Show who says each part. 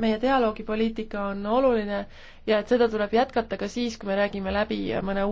Speaker 1: meie dialoogipoliitika on oluline ja et seda tuleb jätkata ka siis, kui me räägime läbi mõne uue